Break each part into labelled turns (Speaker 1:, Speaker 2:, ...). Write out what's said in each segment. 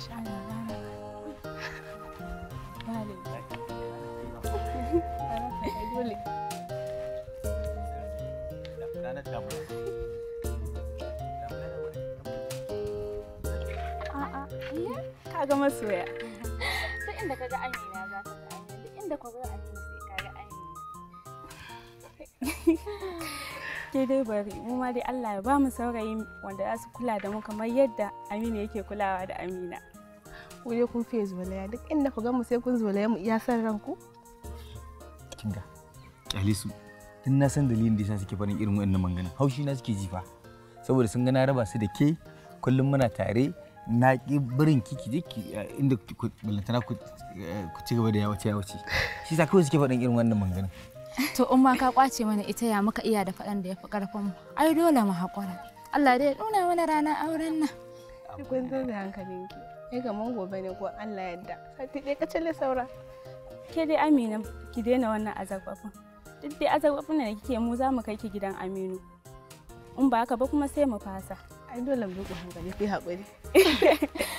Speaker 1: gashi a'a masoya inda ka ga amina za ka duk inda ka ga amina sai ka ga amina dai bari mu ma dai Allah ya ba mu saurayi wanda za su kula da mu kamar yadda Aminu yake kulawa da Amina. Ku dai kun fiye zolaya duk inda ku ga mu sai kun zolaya mu iya san ranku.
Speaker 2: Kinga, kyale su. Tun na san dalilin da yasa suke farin irin wannan mangana. Haushi na suke jifa. Saboda sun ga na raba su da ke kullum muna tare na ƙi birin kiki je ki eh, inda ku ballantana eh, ku ci gaba da yawace yawace. Shi sa kawai suke faɗin irin wannan mangana. To in ma
Speaker 1: ka kwace mana ita ya muka iya da faɗan da ya fi ƙarfin mu. Ai dole mu haƙura. Allah dai nuna mana ranar auren nan. Kun zo da hankalinki. Ai mun gobe ne ko Allah ya yadda. dai ka kacale saura. Ke dai Amina ki daina wannan azabafin. Duk dai azabafin da kike mu za mu kai ki gidan Aminu. In ba haka ba kuma sai mu fasa. Ai dole mu riƙe hankali ki haƙuri.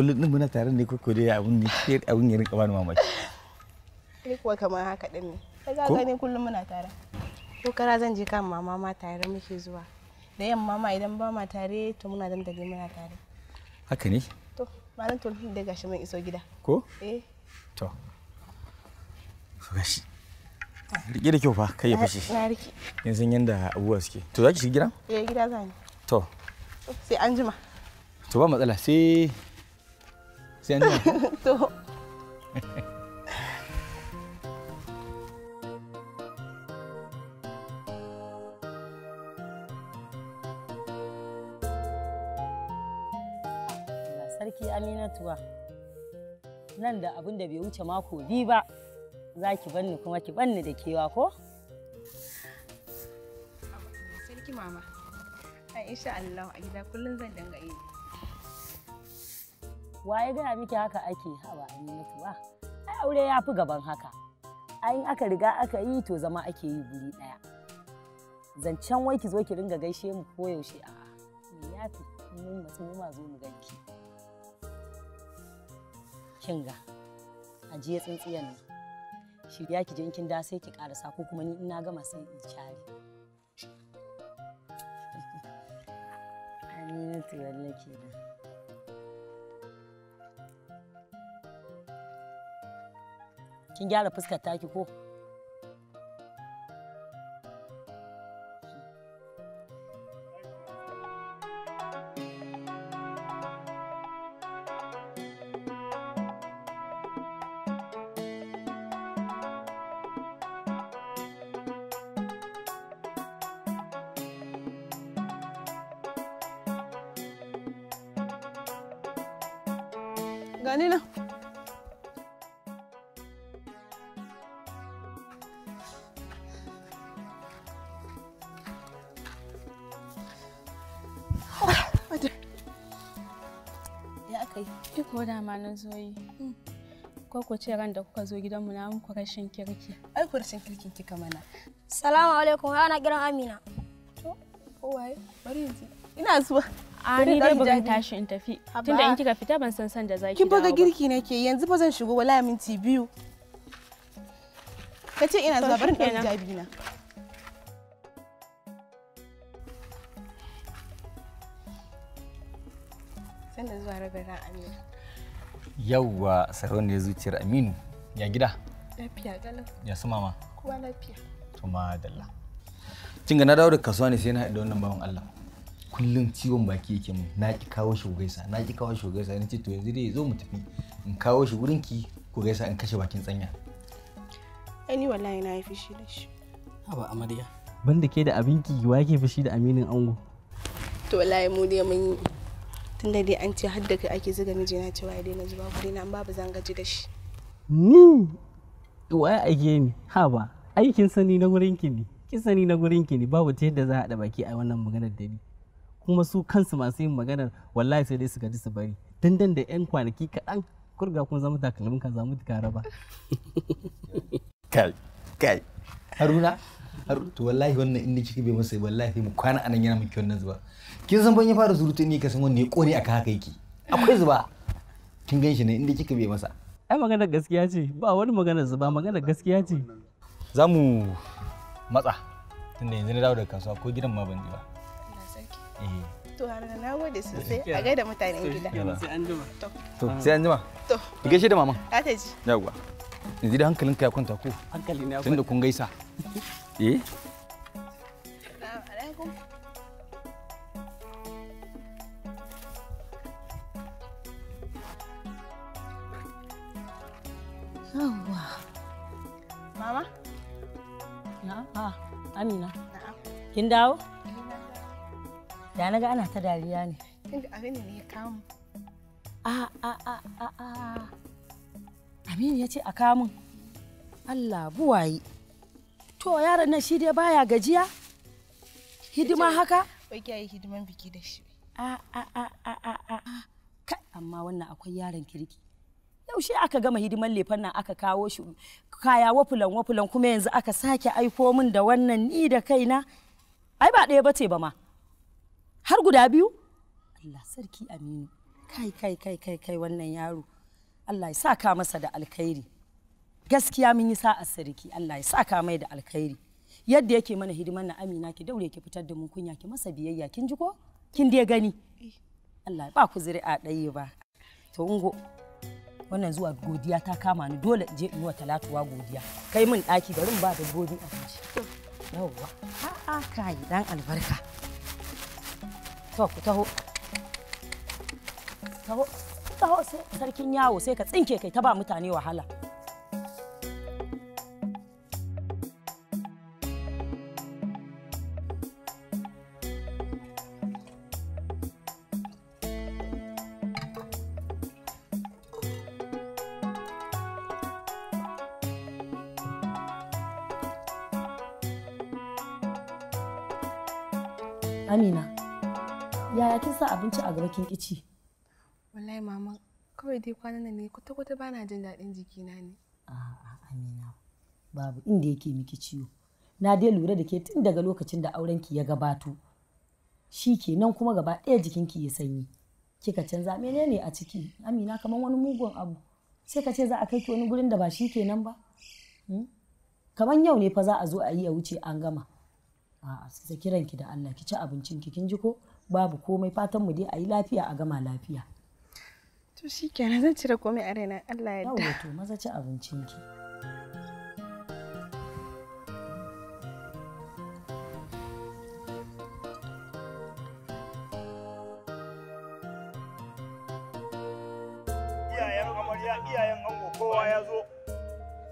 Speaker 2: kullum din muna tare ne kuka da abun ne ke abun ya rinka bani mamaki
Speaker 1: ni kuwa kamar haka din ne ka ga ne kullum muna tare ko kara zan je kan mama ma tare muke zuwa da yan mama idan ba ma tare to muna dan da muna tare haka ne to malam to da gashi mun iso gida ko eh
Speaker 2: to so gashi rike da kyau fa kai ya fashi na rike yanzu yanda abuwa suke to zaki shiga gida eh gida zan to sai anjima to ba matsala sai 先弄。to.
Speaker 3: Sarki Aminatuwa, nan da abin da bai wuce mako biyu ba, za ki banni kuma ki banni da kewa ko?
Speaker 1: Sarki mama, a insha Allah a gida kullum zan danga yi.
Speaker 3: waye gaya miki haka ake hawa aminatu ba? ai aure ya fi gaban haka ai in aka riga aka yi to zama ake yi guri daya zancen wai ki zo ki ringa gaishe mu koyaushe a me ya fi mun mutum mu ma zo mu ganki kin ga ajiye tsintsiyan nan shirya ki je kin da sai ki karasa ko kuma ni ina gama sai in share aminatu wallahi kenan kin gyara fuskar taki ko
Speaker 1: gani nan koda ma na zo yi mm. ko ku ce ran da kuka zo gidanmu na muku rashin kirki ai ku rashin kirki kika mana salamu alaikum ana kiran amina to ko waye bari yanzu ina zuwa a ni dai bugan tashi in tafi tunda in kika fita ban san san da zaki kin ga girki nake yanzu ba zan shigo wala minti biyu kace ina zuwa bari in jabi na sanda zuwa ragar amina
Speaker 2: yauwa ne zuciyar aminu ya gida
Speaker 1: lafiya galau ya su mama kuwa lafiya to madalla
Speaker 2: kin ga na dawo da kasuwa ne sai na haɗu da wannan bawan Allah kullum ciwon baki yake mun na ki kawo shi gaisa na ki kawo shi gaisa ce to yanzu dai zo mu tafi in kawo shi wurin ki ku gaisa in kashe bakin tsanya
Speaker 1: ani wallahi na yi fishi da shi
Speaker 2: haba amarya banda ke da abinki wa yake fushi da aminin ango
Speaker 1: to wallahi mu dai mun da dai an ce har da kai ake zuga mijina cewa ya daina zuba kuɗi na babu zan gaji da shi
Speaker 2: ni wai ake ni ha ba aikin sani na gurin ki ne kin sani na gurin ki ne babu ta yadda za a haɗa baki
Speaker 1: a wannan maganar da ni kuma su kansu masu yin maganar wallahi sai dai su gaji su bari dandan da yan kwanaki kaɗan kurga kun zama takalmin ka zamu kara ba
Speaker 2: kai kai haruna to wallahi wannan inda kike bai masa wallahi mu kwana anan yana miki wannan zuba kin san ban ya fara surutu ne ka san wanne ya kone aka haka yake akwai zuba kin gan shi ne inda kika bai masa ai magana gaskiya ce ba wani magana zuba magana gaskiya ce za mu matsa tunda yanzu na dawo daga kasuwa ko gidan ma ban je ba eh.
Speaker 1: to har na gode sosai a gaida mutanen gida sai an jima
Speaker 2: to sai an jima to ki gaishe da maman ta ta ji yanzu da ya kwanta ko hankali na tunda kun gaisa eh
Speaker 3: Amina. Kin dawo? Da na ga ana ta dariya ne.
Speaker 1: Inda Aminu ne ya kamu.
Speaker 3: A a a a a. Aminu ya ce a kamun. Allah buwaye. To yaron nan shi dai baya gajiya? Hidima haka?
Speaker 1: Wai kiyaye hidiman biki da shi. A a a a a a.
Speaker 3: Kai amma wannan akwai yaron kirki. yaushe aka gama hidimar lefan nan aka kawo shi kaya wafulan wafulan kuma yanzu aka sake aiko min da wannan ni da kaina ai ba ɗaya bace ba ma har guda biyu Allah sarki aminu kai kai kai kai kai wannan yaro Allah ya saka masa da alkhairi gaskiya mun yi sa'a sarki Allah ya saka mai da alkhairi yadda yake mana hidimar na amina ki daure ki fitar da mun kunya ki masa biyayya kin ji ko kin dai gani eh. Allah ba ku zuri'a ɗaya ba to ungo wannan zuwa godiya ta kama ni dole in je in yi wa talatuwa godiya kai min ɗaki bari in ba dabbobin abinci yawwa a'a kai dan albarka to ku taho taho taho sarkin yawo sai ka tsinke kai ta ba mutane wahala Amina, yaya kin sa abinci a gaba kin kici?
Speaker 1: Wallahi mama, kawai dai kwanan nan ne kwata-kwata ba na jin daɗin jikina ne. A'a
Speaker 3: Amina, babu inda yake miki ciwo. Na dai lura da ke tun daga lokacin da auren ki ya gabato. Shi kenan kuma gaba ɗaya jikinki ya sanyi. Kika canza menene a ciki? Amina kamar wani mugun abu. Sai ka ce za a kai ki wani gurin da ba shi kenan ba. Hmm? Kamar yau ne fa za a zo a yi a wuce an gama. a'a sai kiran ki da Allah ki ci abincin ki kin ji ko babu komai fatan mu dai a yi lafiya a gama lafiya
Speaker 1: to kenan zan cire komai a raina Allah ya yarda
Speaker 3: to maza ci abincin ki
Speaker 2: iyayen amarya iyayen ango kowa ya zo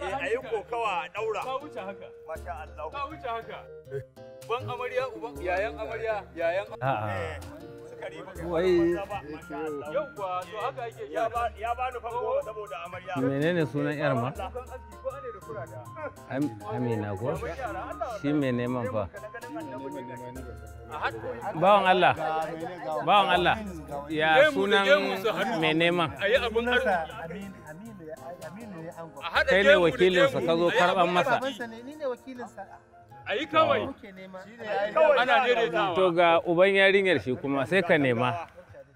Speaker 2: eh yi kokawa daura ka wuce haka masha Allah ka wuce haka eh. Uban amarya, uban yayan amarya, sunan eh, yar ma? Amina ko? Shi me neman fa. Bawan Allah. Bawan Allah. Ya sunan me neman. Kai ne wakilinsa ka zo karɓar masa. a yi kawai ana daidaitawa to ga uban yarinyar shi kuma sai ka nema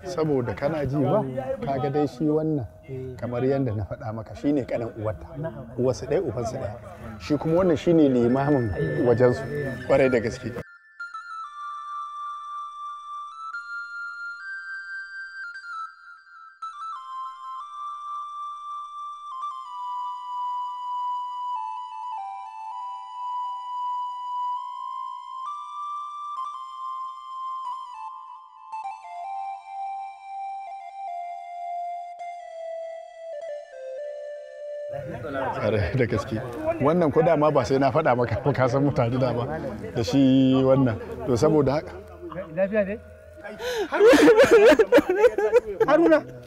Speaker 2: saboda kana ji ba kaga dai shi wannan kamar yadda na faɗa maka shine kanan uwarta uwarsa ɗaya ubansa ɗaya shi kuma wannan shine limamin wajensu kwarai da gaske da gaske wannan ko dama ba sai na faɗa maka ba ka san mutane da ba da shi wannan to saboda haka haruna